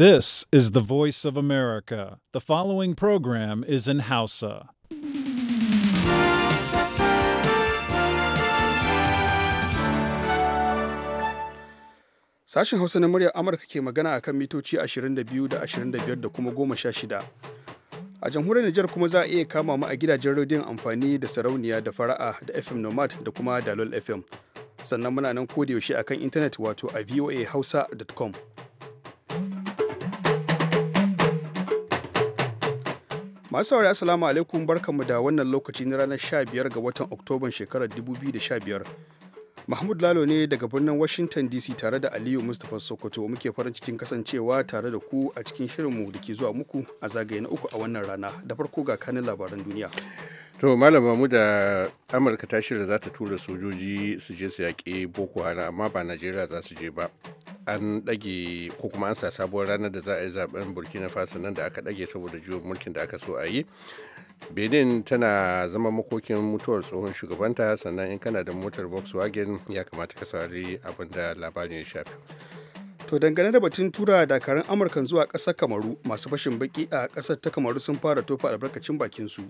This is the voice of America. The following program is in Hausa. Sashen Hausa na muryar Amurka ke magana akan mitoci 22 da 25 da kuma 16. A jamhuriyar Nijar kuma za a iya kama mu a gidajen rediyon amfani da sarauniya da fara'a da FM Nomad da kuma Dalol FM. Sannan muna nan a akan intanet wato a voahausa.com. Masu saurari Assalamu alaikum barkanmu da wannan lokaci na ranar 15 ga watan Oktoban shekarar 2015. Mahmud Lalo ne daga birnin Washington DC tare da Aliyu Mustapha Sokoto muke farin cikin kasancewa tare da ku a cikin shirinmu da ke zuwa muku a zagaye na uku a wannan rana. Da farko ga kanin labaran duniya. To malama mu da Amurka ta shirya za ta tura sojoji su je su yaƙi Boko Haram amma ba Najeriya za su je ba. an ɗage ko kuma an sa sabuwar ranar da za a yi zaben burkina faso nan da aka ɗage saboda juyin mulkin da aka so a yi benin tana zama makokin mutuwar tsohon shugabanta sannan in kana da motar volkswagen ya kamata ka saurari abin da labarin ya shafi to dangane da batun tura dakarun amurkan zuwa ƙasar kamaru masu fashin baki a ƙasar ta kamaru sun fara tofa albarkacin bakin su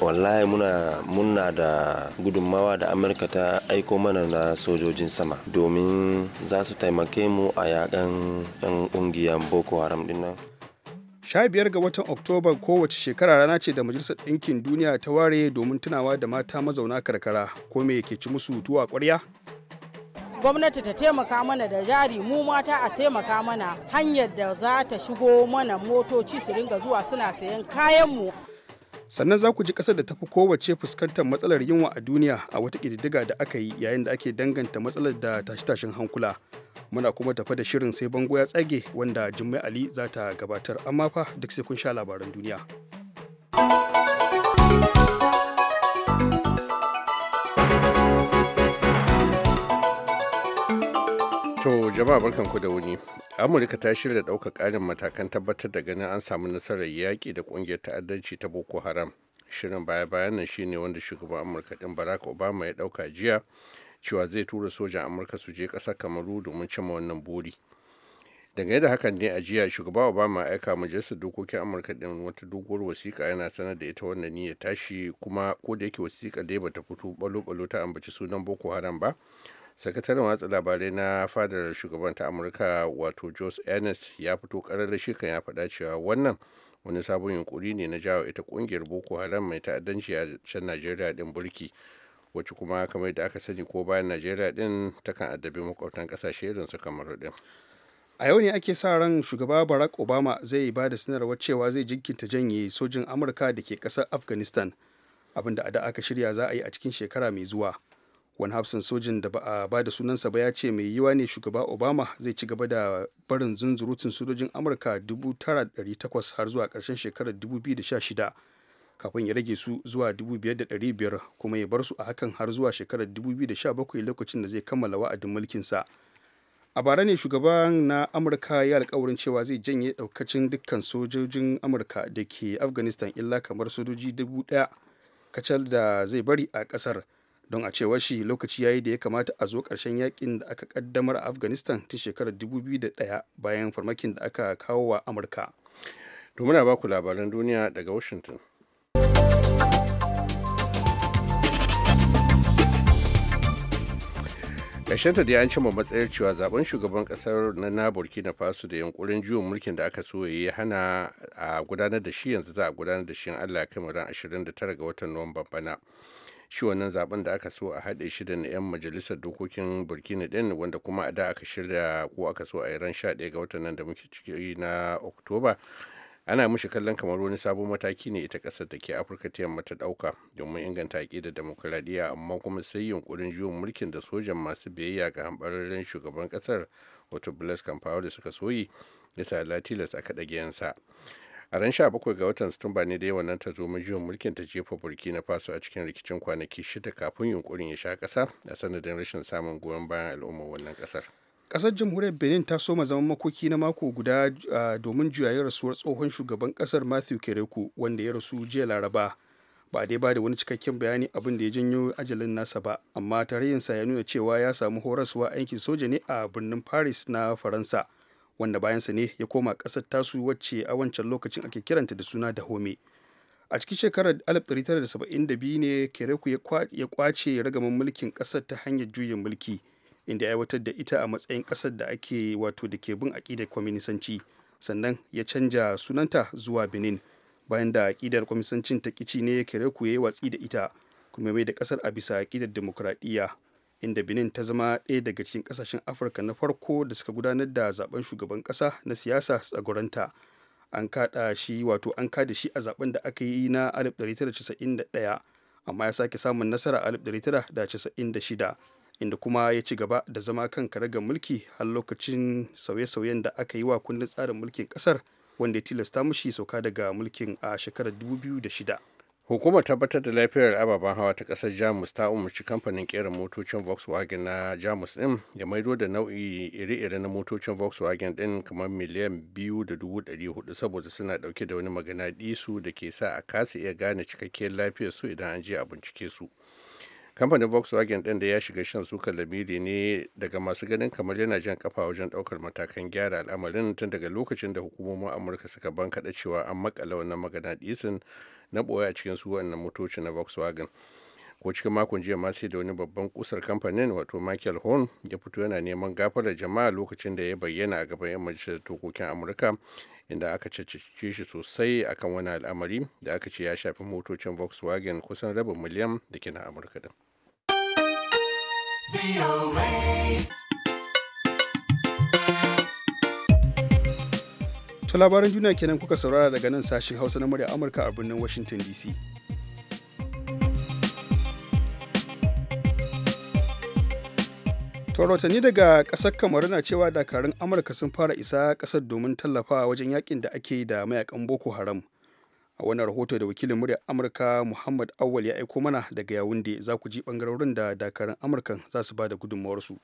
wallahi muna muna da gudunmawa da amurka ta aiko mana na sojojin sama domin za su taimake mu a yakan yan ƙungiyar boko haram nan sha biyar ga watan oktoba kowace shekara rana ce da majalisar ɗinkin duniya ta ware domin tunawa da mata mazauna karkara ko me ke ci musu tuwa ƙwarya gwamnati ta taimaka mana da jari mu mata a taimaka mana hanyar da za ta shigo mana motoci su ringa zuwa suna sayan kayanmu sannan za ku ji ƙasar da ta fi kowace fuskantar matsalar yunwa a duniya a wata ƙididdiga da aka yi yayin da ake danganta matsalar da tashe tashin hankula muna kuma tafa da shirin sai bango ya tsage wanda jummai ali za ta gabatar amma fa duk sai kun sha labaran duniya. jama'a ku da wuni amurka ta shirya ɗaukar karin matakan tabbatar da ganin an samu nasarar yaƙi da ƙungiyar ta'addanci ta boko haram shirin baya bayan nan shine wanda shugaban amurka ɗin barack obama ya ɗauka jiya cewa zai tura sojan amurka su je ƙasar kamaru domin cimma wannan buri dangane da hakan ne a jiya shugaba obama aika majalisar dokokin amurka din wata doguwar wasiƙa yana sanar da ita wannan niyyar tashi kuma ko da yake wasiƙa dai bata fito balo-balo ta ambaci sunan boko haram ba sakataren watsa labarai na fadar shugaban ta amurka wato jos ernest ya fito karar shekan ya faɗa cewa wannan wani sabon yunkuri ne na jawo ita kungiyar boko haram mai ta'addanci a can najeriya din burki wacce kuma kamar da aka sani ko bayan najeriya din kan addabi makwabtan ƙasashe irin su kamar din a yau ne ake sa ran shugaba barack obama zai ba da sanarwar cewa zai jinkinta janye sojin amurka da ke kasar afghanistan abinda a da aka shirya za a yi a cikin shekara mai zuwa wani hafsan sojin da ba a ba da sunansa ba ya ce mai yiwa ne shugaba obama zai ci gaba da barin zunzurutun sojojin amurka 9,800 har zuwa karshen shekarar 2016 kafin ya rage su zuwa 5,500 kuma ya bar su a hakan har zuwa shekarar 2017 lokacin da zai kammala wa'adin mulkinsa a bara ne shugaban na amurka ya alkawarin cewa zai janye daukacin dukkan sojojin amurka da ke afghanistan illa kamar sojoji 1,000 kacal da zai bari a kasar don a cewar shi lokaci ya yi da ya kamata a zo karshen yakin da aka kaddamar a afghanistan ta shekarar 2001 bayan farmakin da aka kawo wa amurka domin a baku labaran duniya daga washington ta da an cimma matsayar cewa zaben shugaban kasar na na burkina faso da yankurin juyin mulkin da aka so ya hana a gudanar da shi yanzu za a gudanar da shi allah kai ran 29 ga watan nuwamban bana shi wannan zaben da aka so a haɗe shi da na 'yan majalisar dokokin burkina din wanda kuma a da aka shirya ko aka so a yi ran 11 ga watan nan da muke ciki na oktoba ana mushi kallon kamar wani sabon mataki ne ita ƙasar da ke afirka ta yamma ta ɗauka domin inganta aƙidar demokuraɗiyya amma kuma sai yunkurin juyin mulkin da sojan masu biyayya ga hanɓararren shugaban ƙasar wato blaise compaore suka soyi ya latilas aka ɗage yansa a ran 17 ga watan satumba ne dai wannan ta zo juyin mulkin ta jefa burkina faso a cikin rikicin kwanaki shida kafin yunkurin ya sha kasa a sanadin rashin samun goyon bayan al'ummar wannan kasar. kasar jamhuriyar benin ta soma zaman makoki na mako guda domin juyayi rasuwar tsohon shugaban kasar matthew kereku wanda ya rasu jiya laraba ba dai ba da wani cikakken bayani abin da ya janyo ajalin nasa ba amma tarihinsa ya nuna cewa ya samu horaswa aikin soja ne a birnin paris na faransa wanda bayansa ne ya koma ƙasar tasu wacce a wancan lokacin ake kiranta da suna da home A cikin shekarar 1972 ne Kereku ya kwace ragaman mulkin ƙasar ta hanyar juyin mulki inda ya aiwatar da ita a matsayin ƙasar da ake wato da ke bin aƙidar kwaminisanci sannan ya canja sunanta zuwa Benin bayan da aƙidar kwaminisancin ta kici ne Kereku ya yi watsi da ita kuma mai da ƙasar a bisa aƙidar demokuraɗiyya inda benin ta zama ɗaya daga cikin ƙasashen afirka na farko da suka gudanar da zaben shugaban ƙasa na siyasa tsagoranta an kada shi wato an kada shi a zaben da aka yi na 1991 amma ya sake samun nasara a 1996 inda kuma ya ci gaba da zama kan karagar mulki har lokacin sauye-sauyen da aka yi wa kundin tsarin mulkin ƙasar wanda ya tilasta mushi sauka daga mulkin a shekarar 2006 hukumar tabbatar da lafiyar ababen hawa ta kasar jamus ta umarci kamfanin kera motocin volkswagen na jamus din ya maido da nau'i iri-iri na motocin volkswagen din kamar miliyan biyu da dubu dari hudu saboda suna dauke da wani magana disu da ke sa a kasa iya gane cikakkiyar lafiyar su idan an je a bincike su kamfanin volkswagen din da ya shiga shan sukan lamiri ne daga masu ganin kamar yana jan kafa wajen daukar matakan gyara al'amarin tun daga lokacin da hukumomin amurka suka bankaɗa cewa an makala wannan magana disin na ɓoye a cikin su wannan motoci na volkswagen ko cikin makon jiya ma sai da wani babban kusar kamfanin wato michael horn ya fito yana neman gafarar jama'a lokacin da ya bayyana a gaban yan majalisar dokokin amurka inda aka cece shi sosai akan wani al'amari da aka ce ya shafi motocin volkswagen kusan rabin miliyan da ke na amurka din. To labaran duniya kenan kuka saurara daga nan sashin Hausa na murya Amurka a birnin Washington DC. tauratanni daga ƙasar kamaru na cewa dakarun amurka sun fara isa ƙasar domin tallafawa wajen yakin da ake da mayakan boko haram a wannan rahoto da wakilin murya amurka muhammad awal ya aiko mana daga yawunde za ku ji bangarorin da dakarun amurkan za su ba da gudunmawarsu.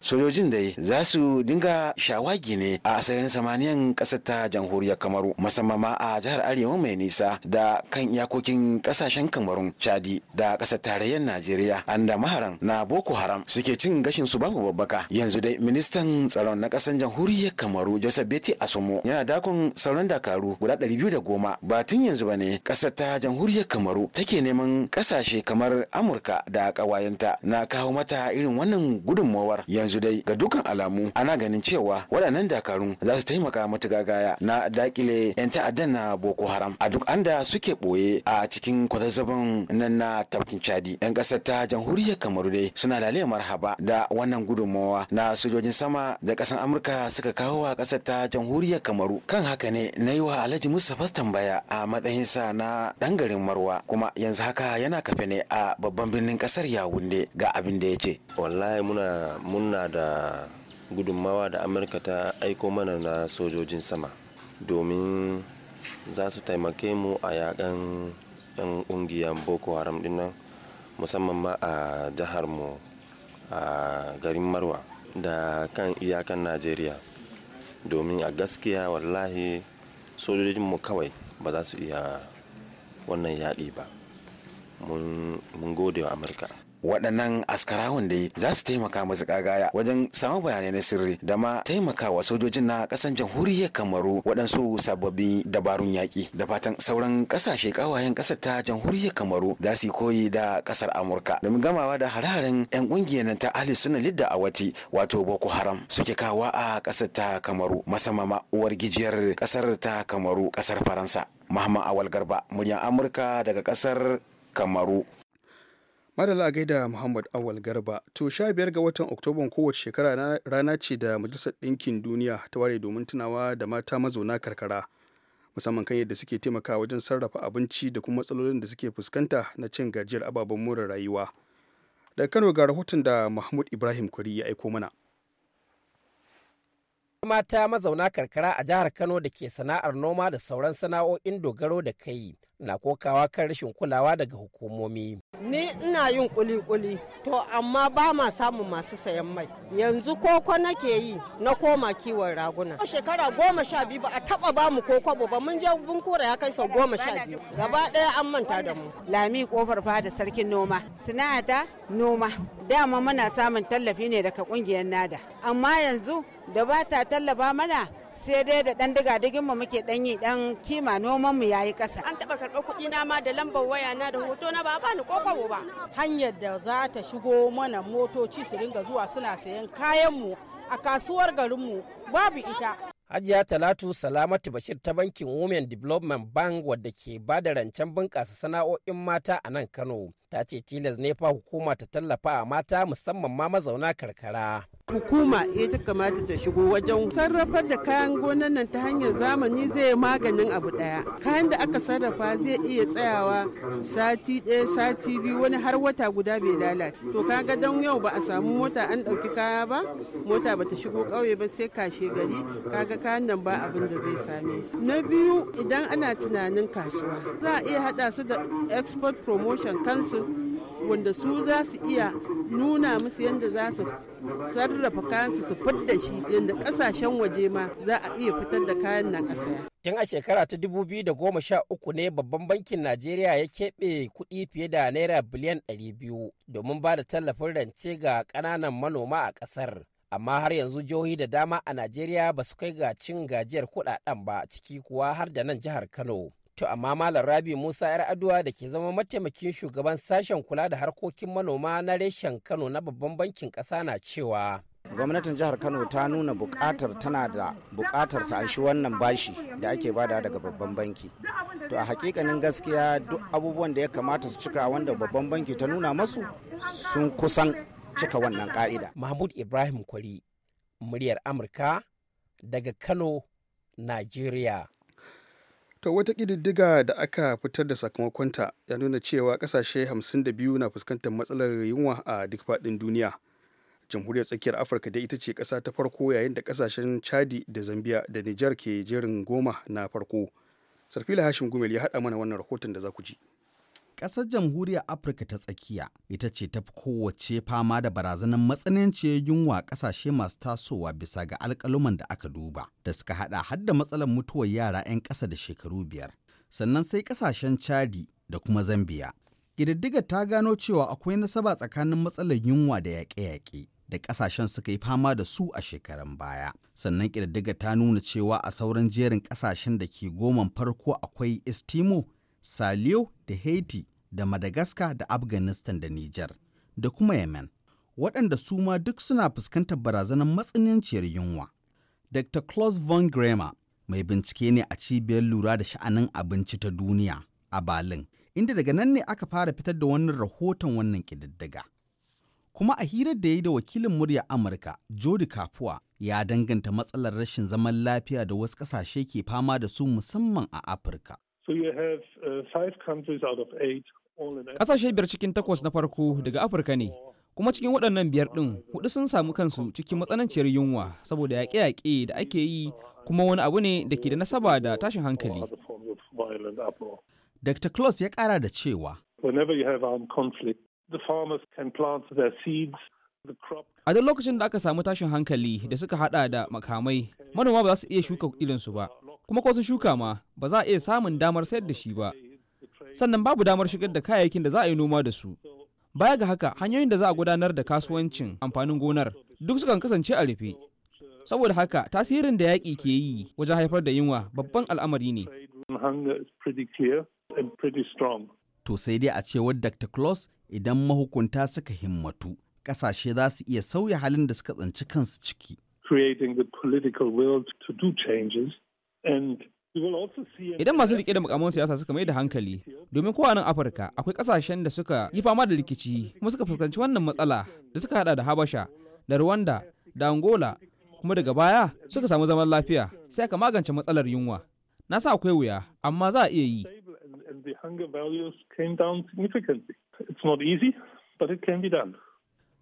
sojojin dai za su dinga shawagi ne a asalin samaniyan ƙasar ta jamhuriyar kamaru musamman ma a jihar arewa mai nisa da kan iyakokin ƙasashen kamarun chadi da ƙasar tarayyar najeriya anda maharan na boko haram suke cin gashin su babu babbaka yanzu dai ministan tsaron na ƙasar jamhuriyar kamaru joseph beti asomo yana dakon sauran dakaru guda ɗari biyu da goma ba tun yanzu ba ne ƙasar ta jamhuriyar kamaru take neman ƙasashe kamar amurka da ƙawayenta na kawo mata irin wannan gudunmawar yanzu yanzu dai ga dukkan alamu ana ganin cewa waɗannan dakarun za su taimaka matuƙa gaya na dakile 'yan ta'addan na boko haram a duk anda suke ɓoye a cikin kwazazzaban nan na tafkin chadi 'yan ƙasar ta jamhuriyar kamaru dai suna lale marhaba da wannan gudunmawa na sojojin sama da ƙasar amurka suka kawo a ƙasar ta jamhuriyar kamaru kan haka ne na yi wa alhaji mustapha tambaya a matsayin sa na ɗan garin marwa kuma yanzu haka yana kafe ne a babban birnin ƙasar yawunde ga abin da ya ce wallahi muna muna muna da gudunmawa da amurka ta aiko mana na sojojin sama domin za su taimake mu a yakan 'yan ƙungiyar boko haram dinnan musamman ma a jihar mu a garin marwa da kan iyakan najeriya domin a gaskiya wallahi mu kawai ba za su iya wannan yaƙi ba mun gode wa amurka waɗannan askarawan da yi za su taimaka masu kagaya wajen samun bayanai na sirri da ma taimakawa sojojin na ƙasan jamhuriyar kamaru waɗansu sababbin dabarun yaƙi da fatan sauran ƙasashe ƙawayen ƙasar ta jamhuriyar kamaru za su yi koyi da ƙasar amurka domin gamawa da hararen 'yan ƙungiyar ta ahli suna lidda a wati wato boko haram suke kawa a ƙasar ta kamaru masamama uwar gijiyar ƙasar ta kamaru ƙasar faransa mahama awal garba muryar amurka daga ƙasar kamaru madalla a gaida muhammad awal garba to sha biyar ga watan oktoban kowace shekara rana ce da majalisar ɗinkin duniya ta ware domin tunawa da mata mazauna karkara musamman kan yadda suke taimakawa wajen sarrafa abinci da kuma matsalolin da suke fuskanta na cin gajiyar ababen more rayuwa da kano ga rahoton da mahmud ibrahim kwari ya aiko mana mata mazauna karkara a jihar kano da ke sana'ar noma da sauran sana'o'in dogaro da kai na kokawa kan rashin kulawa daga hukumomi. Ni ina yin kuli-kuli, to amma ba ma samun masu sayan mai. Yanzu koko nake yi na koma kiwon raguna. Shekara goma sha biyu ba a taba ba mu koko ba mun je kura ya kai sau goma sha biyu. Gaba ɗaya an manta da mu. Lami kofar fada sarkin noma, sinata noma. Dama muna samun tallafi ne daga kungiyar nada. Amma yanzu da ba ta tallafa mana sai dai da ɗan diga mu muke ɗan yi, ɗan kima nomanmu ya yi ƙasa. An taɓa karɓa kuɗi na ma da lambar waya na da hoto na ba a bani kokobo ba hanyar da za ta shigo mana motoci su ringa zuwa suna sayan kayan mu a kasuwar garin mu babu ita Hajiya Talatu Salamatu Bashir ta bankin Women Development Bank wadda ke ba da rancen bunƙasa sana'o'in mata a nan Kano ta ce tilas ne fa hukuma ta tallafa a mata musamman ma mazauna karkara. hukuma ita kamata ta shigo wajen sarrafar da kayan gonan nan ta hanyar zamani zai maganin abu daya kayan da aka sarrafa zai iya tsayawa sati ɗaya sati biyu wani har wata guda bai lalace to kaga don yau ba a samu mota an ɗauki kaya ba mota ba ta shigo ƙauye ba sai kashe gari kaga kayan nan ba abin da zai same su na biyu idan ana tunanin kasuwa za a iya haɗa su da export promotion council wanda su za su iya nuna musu yadda za su sarrafa kayansu su fit da shi yadda kasashen waje ma za a iya fitar da kayan nan a saya. Tun a shekara ta uku ne babban bankin Najeriya ya keɓe kuɗi fiye da naira biliyan 200 domin ba da tallafin rance ga ƙananan manoma a ƙasar. Amma har yanzu jihohi da dama a Najeriya ba su kai ga cin gajiyar kuɗaɗen ba ciki kuwa har da nan jihar Kano. To amma Malam Rabi Musa 'yar aduwa da ke zama mataimakin shugaban sashen kula da harkokin manoma na reshen Kano na babban bankin ƙasa na cewa. gwamnatin jihar kano ta nuna bukatar tana da bukatar ta anshi wannan bashi da ake bada daga babban banki to a hakikanin gaskiya duk abubuwan da ya kamata su cika wanda babban banki ta nuna masu sun kusan cika wannan ka'ida mahmud ibrahim kwari muryar amurka daga kano nigeria to wata ƙididdiga da aka fitar da sakamakonta ya nuna cewa ƙasashe 52 na fuskantar matsalar yunwa a duk faɗin duniya jamhuriyar tsakiyar afirka da ita ce ƙasa ta farko yayin da ƙasashen chadi da zambia da nijar ke jerin goma na farko sarfila hashim gumel ya haɗa mana wannan rahoton da za ku ji ƙasar jamhuriyar afirka ta tsakiya ita ce ta fi kowace fama da barazanar matsananciyar yunwa ƙasashe masu tasowa bisa ga alƙaluman da aka duba da suka haɗa har da matsalar mutuwar yara 'yan ƙasa da shekaru biyar sannan sai ƙasashen chadi da kuma zambiya ƙididdigar ta gano cewa akwai nasaba tsakanin matsalar yunwa da yaƙe-yaƙe da ƙasashen suka yi fama da su a shekaran baya sannan ƙididdiga ta nuna cewa a sauran jerin ƙasashen da ke goman farko akwai estimo Saliyo da Haiti da Madagascar da Afghanistan da Nijar da kuma Yemen, waɗanda su ma duk suna fuskantar barazanar matsananciyar yunwa. Dr. Klaus von Bremer mai bincike ne a cibiyar lura da sha'anin abinci ta duniya a Berlin, inda daga nan ne aka fara fitar da wannan rahoton wannan ƙididdiga. Kuma a hirar da ya yi da wakilin murya Amurka, Jody Kapuwa, ya danganta matsalar rashin zaman lafiya da wasu ƙasashe ke fama da su musamman a Afirka. Uh, Ƙasashe biyar cikin takwas na farko daga Afirka ne, kuma cikin waɗannan biyar ɗin hudu sun samu kansu cikin matsananciyar yunwa saboda yaƙe-yaƙe da ake yi kuma wani abu ne da ke da nasaba da tashin hankali. Dr. Klaus ya ƙara da cewa. A duk lokacin da aka samu tashin hankali da suka hada da makamai, manoma ba za su iya shuka ilinsu ba, kuma ko sun shuka ma ba za a iya samun damar sayar da shi ba sannan babu damar shigar da kayayyakin da za a yi noma da su baya ga haka hanyoyin da za a gudanar da kasuwancin amfanin gonar duk sukan kasance a rufe saboda haka tasirin da yaƙi ke yi wajen haifar da yunwa babban al'amari ne to sai dai a ce cewar dr claus idan mahukunta suka himmatu ƙasashe za su iya sauya halin da suka tsanci kansu ciki creating the political will to do changes Idan masu rike da mukamman siyasa suka mai da hankali, domin kowa nan Afirka akwai kasashen da suka yi fama da rikici kuma suka fuskanci wannan matsala da suka hada da Habasha, da Rwanda, da Angola, kuma daga baya suka samu zaman lafiya sai aka magance matsalar yunwa. Na sa akwai wuya, amma za a iya yi.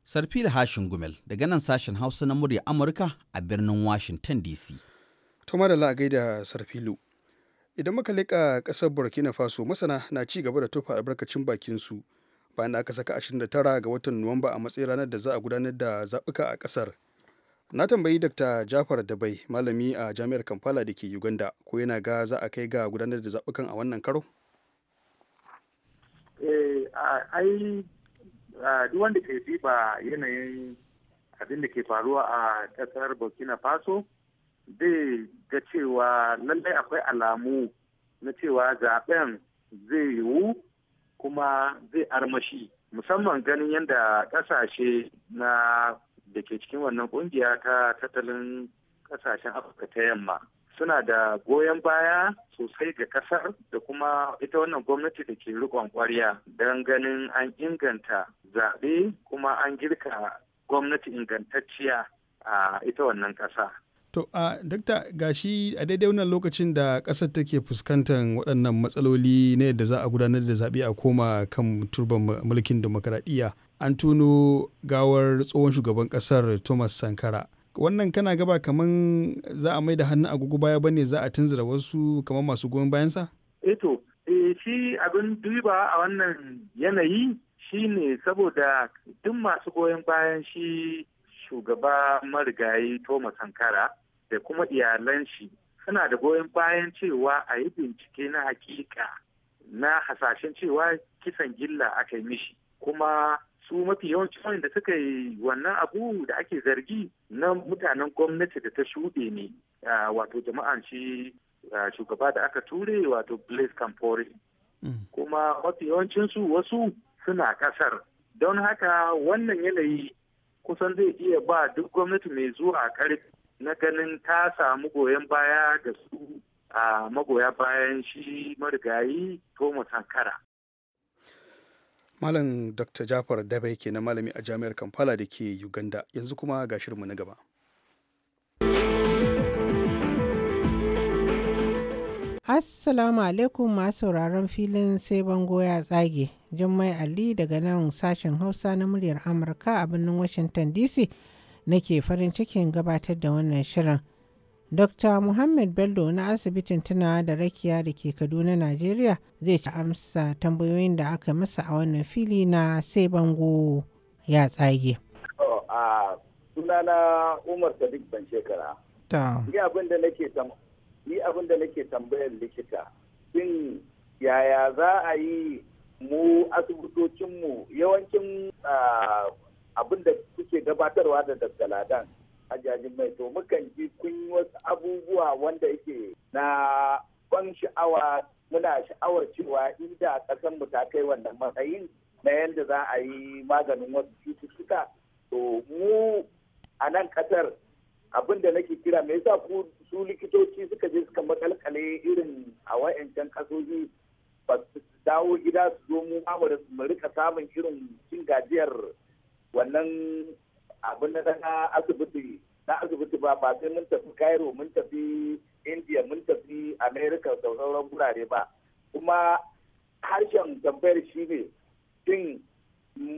Sarfi da Hashin Gumel daga nan sashen Hausa na murya Amurka a birnin Washington DC. To madalla a gaida Sarfilu. Idan muka lika kasar Burkina Faso masana na ci gaba da tofa albarkacin bakin su bayan da aka saka 29 ga watan Nuwamba a matsayin ranar da za a gudanar da zaɓuka a kasar Na tambayi Dr. Jafar Dabai malami a Jami'ar Kampala da ke Uganda ko yana ga za a kai ga gudanar da zaɓukan a wannan karo? Eh, ai duk wanda ke ba yanayin abin da ke faruwa a ƙasar Burkina Faso zai ga cewa lallai akwai alamu na cewa zaben zai yiwu kuma zai armashi musamman ganin yadda kasashe na da ke cikin wannan kungiya ta tattalin kasashen afirka ta yamma suna da goyon baya sosai ga kasar da kuma ita wannan gwamnati da ke rikon kwarya don ganin an inganta zaɓe kuma an girka gwamnati ingantacciya a ita wannan ƙasa. To a dakta gashi a daidai wannan lokacin da ƙasar take fuskantar waɗannan matsaloli na yadda za a gudanar da zaɓe a koma kan turban mulkin demokaradiyya an tuno gawar tsohon shugaban ƙasar Thomas Sankara. Wannan kana gaba kaman za a mai da hannu gugu baya bane za a tunzura wasu kamar masu goyon bayansa? Eto, eh e, eh, shi abin duba a wannan yanayi shine saboda duk masu goyon bayan shi shugaba marigayi Thomas Sankara da kuma iyalan shi suna da goyon bayan cewa a yi bincike na hakika na hasashen cewa kisan gilla aka yi mishi kuma su mafi yawancin da suka yi wannan abu da ake zargi na mutanen gwamnati da ta shuɗe ne wato jama'an shi shugaba da aka ture wato blaise campore hmm. kuma mafi yawancinsu wasu suna ƙasar don haka wannan yanayi kusan zai iya ba duk gwamnati mai zuwa ƙarfi na ganin ta samu goyon baya da su a magoya bayan shi marigayi ko Sankara. Malam Dr. Jafar Dabe ke na malami a Jami'ar Kampala da ke Uganda yanzu kuma ga shirinmu na gaba. Assalamu alaikum masu sauraron filin sai bango ya tsage. Jummai Ali daga nan sashen Hausa na muryar Amurka a birnin Washington DC nake farin cikin gabatar da wannan shirin. Dr. Muhammad Bello na asibitin tunawa da rakiya da ke Kaduna, Najeriya zai ci amsa tambayoyin da aka masa a wannan fili na sai bango ya tsage. sunana Umar Sadiq ban shekara. Ni abin da nake abin da nake tambayar likita shin yaya za a yi mu asibitocinmu yawancin abin da kuke gabatarwa da daskaladan hajjajin mai to mukan ji kun wasu abubuwa wanda yake na ban sha'awa muna sha'awar cewa inda ƙasar mu ta kai wannan matsayin na yadda za a yi maganin wasu cututtuka to mu a nan ƙasar abin da nake kira me yasa ku su likitoci suka je suka makalkale irin a wa'ancan kasoji ba su dawo gida su zo mu amurka su rika samun irin cin gajiyar wannan abin na na asibiti na asibiti ba ba sai mun tafi cairo mun tafi india mun tafi america da sauran gurare ba kuma harshen tambayar shi ne shin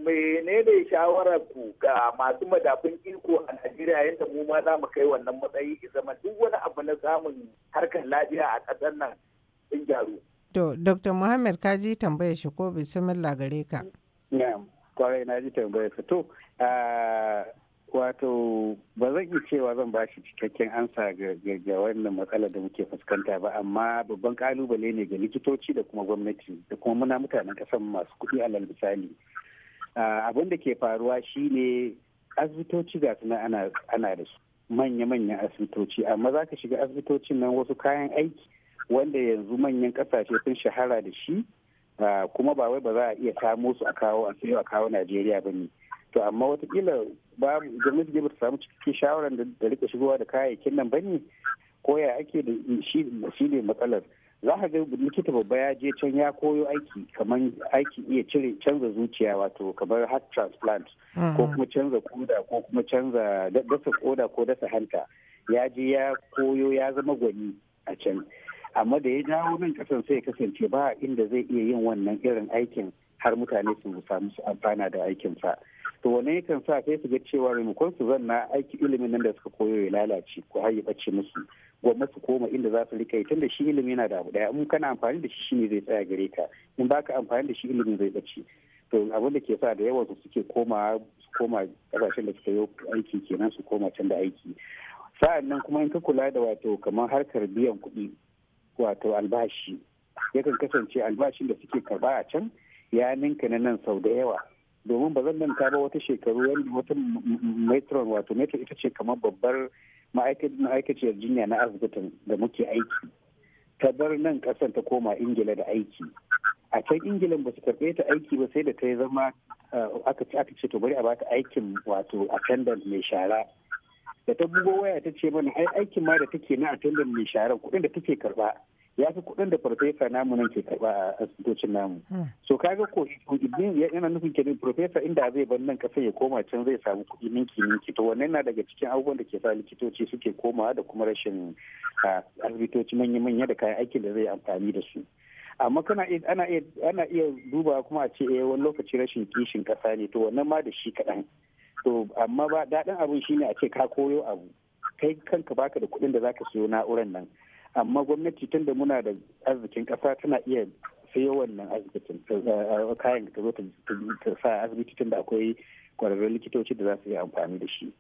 menene shawarar ku ga masu madafin iko a najeriya yadda mu ma za mu kai wannan matsayi zama duk wani abu na samun harkar lafiya a ƙasar nan sun gyaru. to dr muhammad kaji tambayar shi ko bisimila gare ka. kwarai na ji tambayar to wato ba zan yi cewa zan ba shi cikakken ansa ga wannan matsalar da muke fuskanta ba amma babban kalubale ne ga likitoci da kuma gwamnati da kuma muna mutanen kasan masu kuɗi alal misali abin da ke faruwa shine asibitoci ga suna ana da su manya-manyan asibitoci amma za ka shiga asibitocin nan wasu kayan aiki wanda yanzu manyan kasashe sun shahara da shi Ah, kuma ba wai ba za a iya kamo su a kawo a sayo a kawo najeriya ba ne to amma watakila ba gwamnati ne ba ta samu cikakken shawarar da rika shigowa da kayayyakin nan ba ne ko ya ake da shi ne matsalar za ka ga likita babba ya je can ya koyo aiki kamar aiki iya cire canza zuciya wato kamar heart transplant ko ah. kuma canza koda ko kuma canza dasa koda ko dasa hanta ya je ya koyo ya zama gwani a can amma da ya dawo nan kasan sai kasance ba inda zai iya yin wannan irin aikin har mutane su samu su amfana da aikinsa to wannan yakan sa sai su ga cewa rimakon su na aiki ilimin nan da suka koyo ya lalace ko har ya bace musu gwamnati su koma inda za su rika tun da shi ilimi yana da abu daya in kana amfani da shi shine zai tsaya gare ka in baka amfani da shi ilimin zai bace to abin da ke sa da yawan su suke koma su koma kasashen da suka yi aiki kenan su koma can da aiki sa'an nan kuma in ka kula da wato kamar harkar biyan kuɗi wato albashi yakan kasance albashin da suke karba a can ya ninka na nan sau da yawa domin ba zan nanta ba wata shekaru wani wata metro wato metro ita ce kamar babbar ma'aikaciyar jinya na asibitin da muke aiki ta bar nan kasan ta koma ingila da aiki a can ingilan ba su karɓe ta aiki ba sai da ta yi zama eh, aka ce to bari a bata aikin wato attendant mai shara da ta bugo waya ta ce mana ai aikin ma da take na attendant mai sharan kuɗin da take karba ya fi kuɗin da farfesa namu nan ke karba a asibitocin namu hmm. so kaga ko yana nufin ke farfesa inda zai bar nan kasa ya koma can zai samu kuɗi ninki ninki to wannan na daga cikin abubuwan da ke sa likitoci suke komawa da kuma rashin asibitoci manya manya da kayan aikin da zai amfani da su amma kana ana iya ana duba kuma a ce eh wani lokaci rashin kishin kasa ne to wannan ma da shi kaɗan so amma ba daɗin abin shine a ce ka koyo abu kai kanka baka da kuɗin da zaka siyo na'urar nan amma gwamnati tunda muna da arzikin ƙasa tana iya sayo wannan asibitin eh, eh, kayan ta zo ta sa asibiti tunda akwai kwararrun likitoci da za su yi amfani da shi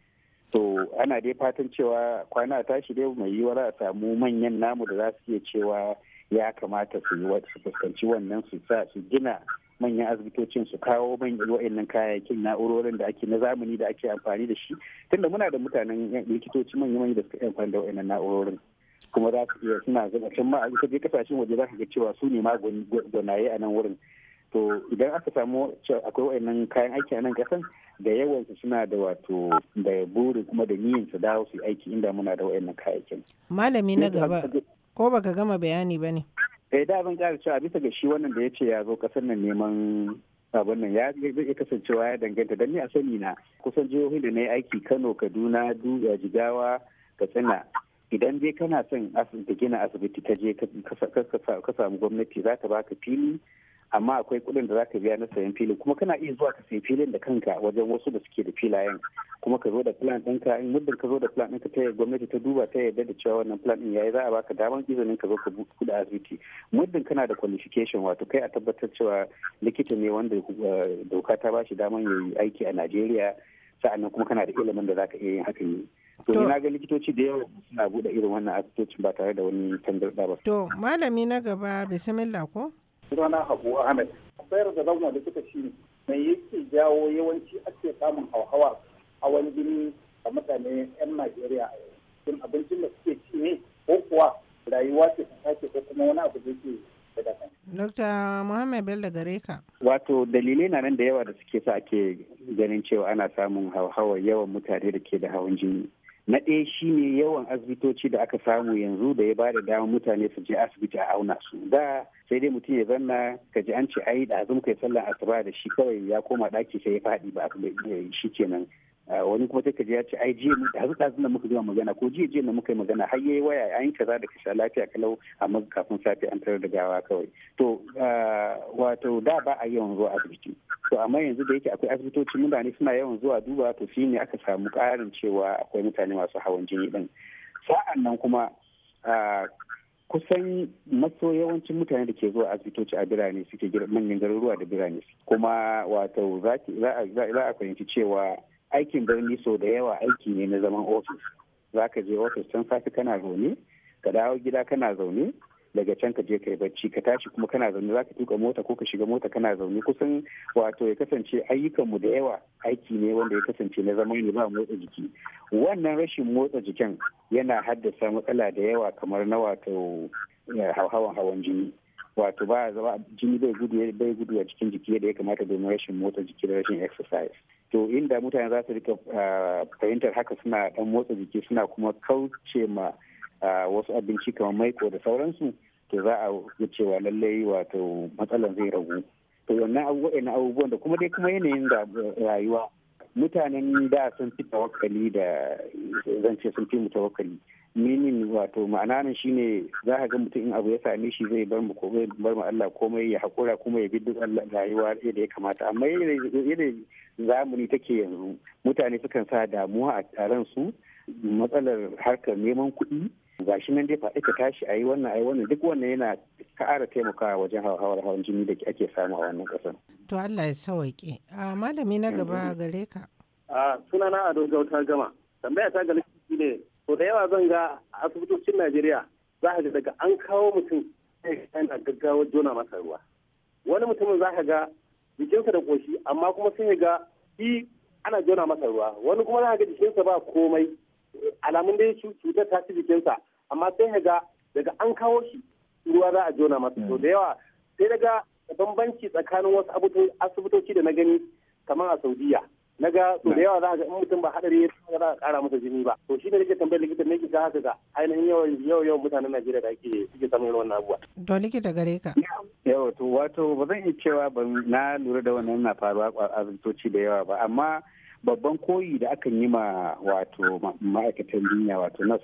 to ana dai fatan cewa kwana tashi dai mai yiwuwa za a samu manyan namu da za su iya cewa ya kamata su yi su fuskanci wannan su sa su gina manyan asibitocin su kawo manyan wa'annan kayayyakin na'urorin da ake na zamani da ake amfani da shi tunda muna da mutanen likitoci manya manya da suka amfani da wa'annan na'urorin kuma za su iya suna zama can ma a je kasashen waje za ka ga cewa su ne ma gwanaye a nan wurin to idan aka samu akwai wayannan kayan aiki a nan kasan da yawan su suna da wato da burin kuma da niyyar su dawo su aiki inda muna da wayannan kayayyakin malami na gaba ko baka gama bayani ba ne. eh da abin ƙara cewa bisa ga shi wannan da ya ce ya zo ƙasar nan neman abin nan ya zai kasancewa ya danganta don ni a sani na kusan jihohin da na yi aiki kano kaduna duga jigawa katsina idan dai kana son asibiti gina asibiti ka je ka samu gwamnati za ta baka fili amma akwai kuɗin da za ka biya na sayan filin kuma kana iya zuwa ka sayi filin da kanka wajen wasu da suke da filayen kuma ka zo da plan ɗinka in muddin ka zo da plan ɗinka ta yi gwamnati ta duba ta yadda da cewa wannan plan ɗin yayi za a baka damar izinin ka zo ka kuɗa asibiti muddin kana da qualification wato kai a tabbatar cewa likita ne wanda eh, doka ta bashi daman yayi aiki a Najeriya sa'annan kuma kana da ilimin da za ka iya yin hakan ne to na ga likitoci da yawa suna buɗe irin wannan asibitocin ba tare da wani tangarɗa ba to malami na gaba bismillah ko sunana habu ahmed akwai da zauna da suka shi mai yake jawo yawanci ake samun hauhawa a hawan jini a mutane 'yan najeriya a yau abincin da suke ci ne ko kuwa rayuwa ce ta sake ko kuma wani abu da ke Dokta Muhammad Bello gareka. Wato dalilai na nan da yawa da suke sa ake ganin cewa ana samun hauhawar yawan mutane da ke da hawan jini. Na ɗaya shi ne yawan asibitoci da aka samu yanzu da ya ba da damar mutane su je asibiti a auna su. Da sai dai mutum ya zanna ka ji an ce ai da muka kai sallan asuba da shi kawai ya koma daki sai ya faɗi ba shi kenan wani kuma sai ka ya ce ai jiya mu da muka gama magana ko jiya jiya da muka yi magana har yayi waya an kaza da kasha lafiya kalau amma kafin safe an tarar da gawa kawai to wato da ba a yawan zuwa asibiti to amma yanzu da yake akwai asibitoci mutane suna yawan zuwa duba to shi ne aka samu ƙarin cewa akwai mutane masu hawan jini din sa'an nan kuma kusan maso yawancin mutane da ke zuwa asibitoci a birane suke manyan garuruwa da birane kuma wato za a fahimci cewa aikin birni sau da yawa aiki ne na zaman ofis za ka je ofis can safe kana zaune ka dawo gida kana zaune daga can ka je kai bacci ka tashi kuma kana zaune za ka tuka mota ko ka shiga mota kana zaune kusan wato ya kasance ayyukanmu da yawa aiki ne wanda ya kasance na zama ne ba motsa jiki wannan rashin motsa jikin yana haddasa matsala da yawa kamar na wato eh, hawan hawan jini wato ba zama jini bai gudu bai gudu a cikin jiki yadda ya kamata domin rashin motsa jiki da rashin exercise to inda mutane za su rika ah, fahimtar haka suna dan motsa jiki suna kuma kauce ma ah, wasu abinci kamar maiko da sauransu to za a ga cewa lallai wato matsalar zai ragu to wannan abubuwan abubuwan da kuma dai kuma yanayin eh, rayuwa mutanen da sun fi tawakkali da ce sun fi mu tawakkali minin wato ma'ana nan shine za ka ga mutum in abu ya same shi zai bar mu zai bar mu Allah komai ya hakura kuma ya bi duk rayuwa da ya kamata amma yadda zamani take yanzu mutane sukan sa damuwa a taron su matsalar harkar neman kuɗi shi nan dai faɗi ka tashi a yi wannan a yi wannan duk wannan yana ƙara taimakawa wajen hauhawar hawan jini da ake samu a wannan ƙasar. to Allah ya a malami na gaba gare ka. sunana ado gauta gama tambaya ta ga likitoci ne to da yawa zan ga asibitocin najeriya za ka ga daga an kawo mutum a gaggawa jona masa ruwa wani mutumin za ka ga jikinsa da ƙoshi amma kuma sai ga shi ana jona masa ruwa wani kuma za ka ga jikinsa ba komai alamun da dai cutar ta ci jikinsa amma sai ga daga an kawo shi ruwa za a jona masa to da yawa sai daga bambanci tsakanin wasu asibitoci da na gani kamar a saudiya na ga so da yawa za ga in mutum ba hadari ya tsaya za a kara masa jini ba to shi ne nake tambayar likita me kika haka ga ainihin yawan yau yau mutanen Najeriya da ake suke samun irin wannan abubuwa to likita gare ka yawa to wato ba zan iya cewa ba na lura da wannan yana faruwa a asibitoci da yawa ba amma babban koyi da aka yi ma wato ma'aikatan duniya wato nas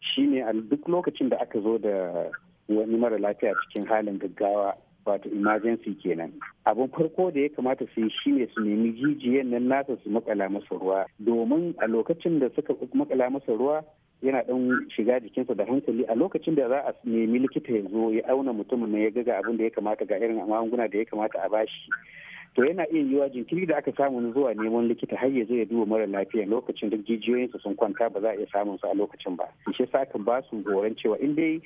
shine a duk lokacin da aka zo da wani mara lafiya cikin halin gaggawa wato emergency kenan abin farko da ya kamata su yi shine su nemi jijiyan nan nasa su makala masa ruwa domin a lokacin da suka makala masa ruwa yana dan shiga jikinsa da hankali a lokacin da za a nemi likita ya zo ya auna mutumin ya gaga abin da ya kamata ga irin magunguna da ya kamata a bashi to yana iya yiwa jinkiri da aka samu na zuwa neman likita har ya zo ya duba mara lafiya lokacin duk jijiyoyinsa sun kwanta ba za a iya samun su a lokacin ba shi sa aka ba su horon cewa in dai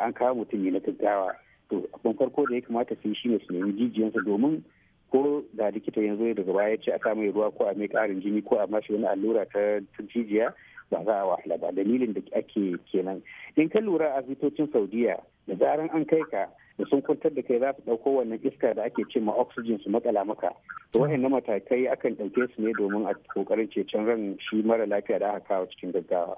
an kawo mutum ne na gaggawa to abin farko da ya kamata su yi shine su nemi jijiyansa domin ko da likita yanzu ya daga baya ce a samu ruwa ko a mai karin jini ko a mashi wani allura ta jijiya ba za a wahala ba dalilin da ake kenan in ka lura a asibitocin saudiya da zaran an kai ka da sun kwantar da kai za su ɗauko wannan iska da ake ce ma oxygen su matsala maka to na matakai akan ɗauke su ne domin a kokarin cecen ran shi mara lafiya da aka kawo cikin gaggawa.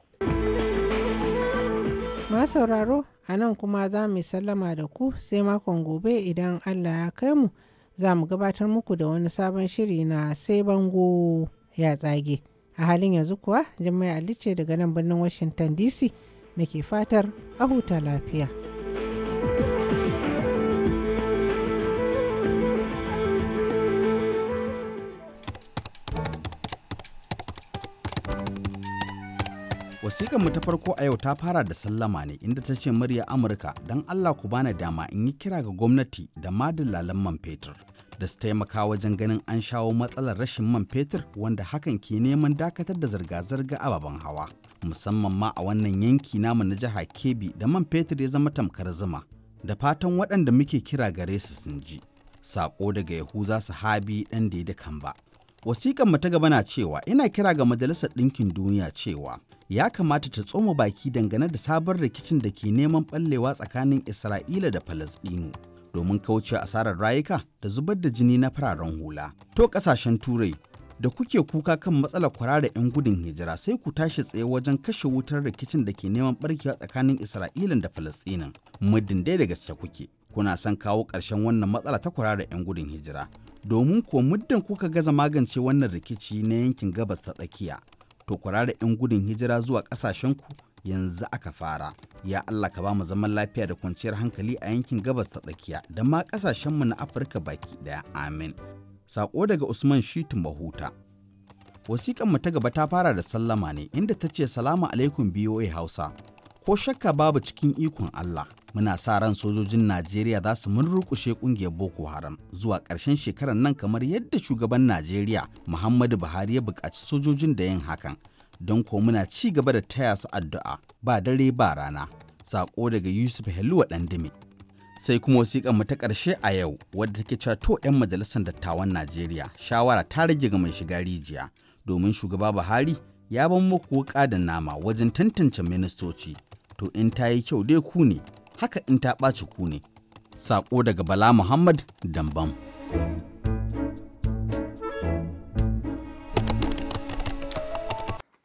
ma sauraro a nan kuma za mu sallama da ku sai makon gobe idan allah ya kai mu za mu gabatar muku da wani sabon shiri na sai bango ya tsage a halin yanzu kuwa jimai alice daga nan birnin washington dc nake fatar a huta lafiya. Wasikan mu ta farko a yau ta fara da sallama ne inda ta ce murya Amurka don Allah ku bani dama in yi kira ga gwamnati da madillalan man fetur da su taimaka wajen ganin an shawo matsalar rashin man fetur wanda hakan ke neman dakatar da zirga-zirga ababen hawa musamman ma a wannan yanki namu na jiha Kebbi da man fetur ya zama tamkar zuma da fatan waɗanda muke kira gare su sun ji sako daga Yahuza Sahabi ɗan da kan ba. wasikan mu ta gaba na cewa ina kira ga Majalisar Ɗinkin Duniya cewa ya kamata ta tsoma baki dangane da sabon rikicin da ke neman ɓallewa tsakanin Isra'ila da Falasɗinu domin kauce asarar rayuka da zubar da jini na fararen hula. To ƙasashen Turai da kuke kuka kan matsalar kwarara 'yan gudun hijira sai ku tashi tsaye wajen kashe wutar rikicin da ke neman ɓarkewa tsakanin Isra'ila da Falasɗinu. Muddin dai da gaske kuke. Kuna son kawo ƙarshen wannan matsala ta da 'yan gudun hijira. Domin kuwa muddin kuka gaza magance wannan rikici na yankin gabas ta tsakiya, to da 'yan gudun hijira zuwa ƙasashenku yanzu aka fara ya Allah ka ba mu zaman lafiya da kwanciyar hankali a yankin gabas ta tsakiya da ma ƙasashenmu na afirka baki ɗaya amin saƙo daga usman shitu mahuta wasiƙan mu ta gaba ta fara da sallama ne inda ta ce salamu alaikum boa hausa ko shakka babu cikin ikon Allah muna sa ran sojojin najeriya za su murrukushe kungiyar boko haram zuwa ƙarshen shekarar nan kamar yadda shugaban najeriya muhammadu buhari ya buƙaci sojojin da yin hakan don ko muna ci gaba da taya su addu'a ba dare ba rana saƙo daga yusuf heluwa ɗandime sai kuma wasiƙan mu ta ƙarshe a yau wadda take cewa to 'yan majalisar dattawan najeriya shawara ta rage ga mai shiga rijiya domin shugaba buhari ya ban muku wuƙa da nama wajen tantance ministoci to in ta yi kyau dai ku ne haka in ta ɓaci ku ne. Saƙo daga Bala Muhammad Dambam.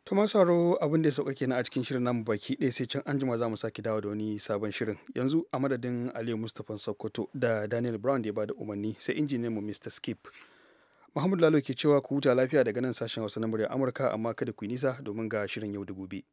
Tuma sauro abin da ya sauka na a cikin shirin namu baki ɗaya sai can anjima za mu sake dawo da wani sabon shirin. Yanzu a madadin Aliyu Mustapha Sokoto da Daniel Brown da ya bada umarni sai injiniyan mu Mr. Skip. Muhammadu Lalo ke cewa ku huta lafiya daga nan sashen wasu na murya Amurka amma kada ku yi nisa domin ga shirin yau da gobe.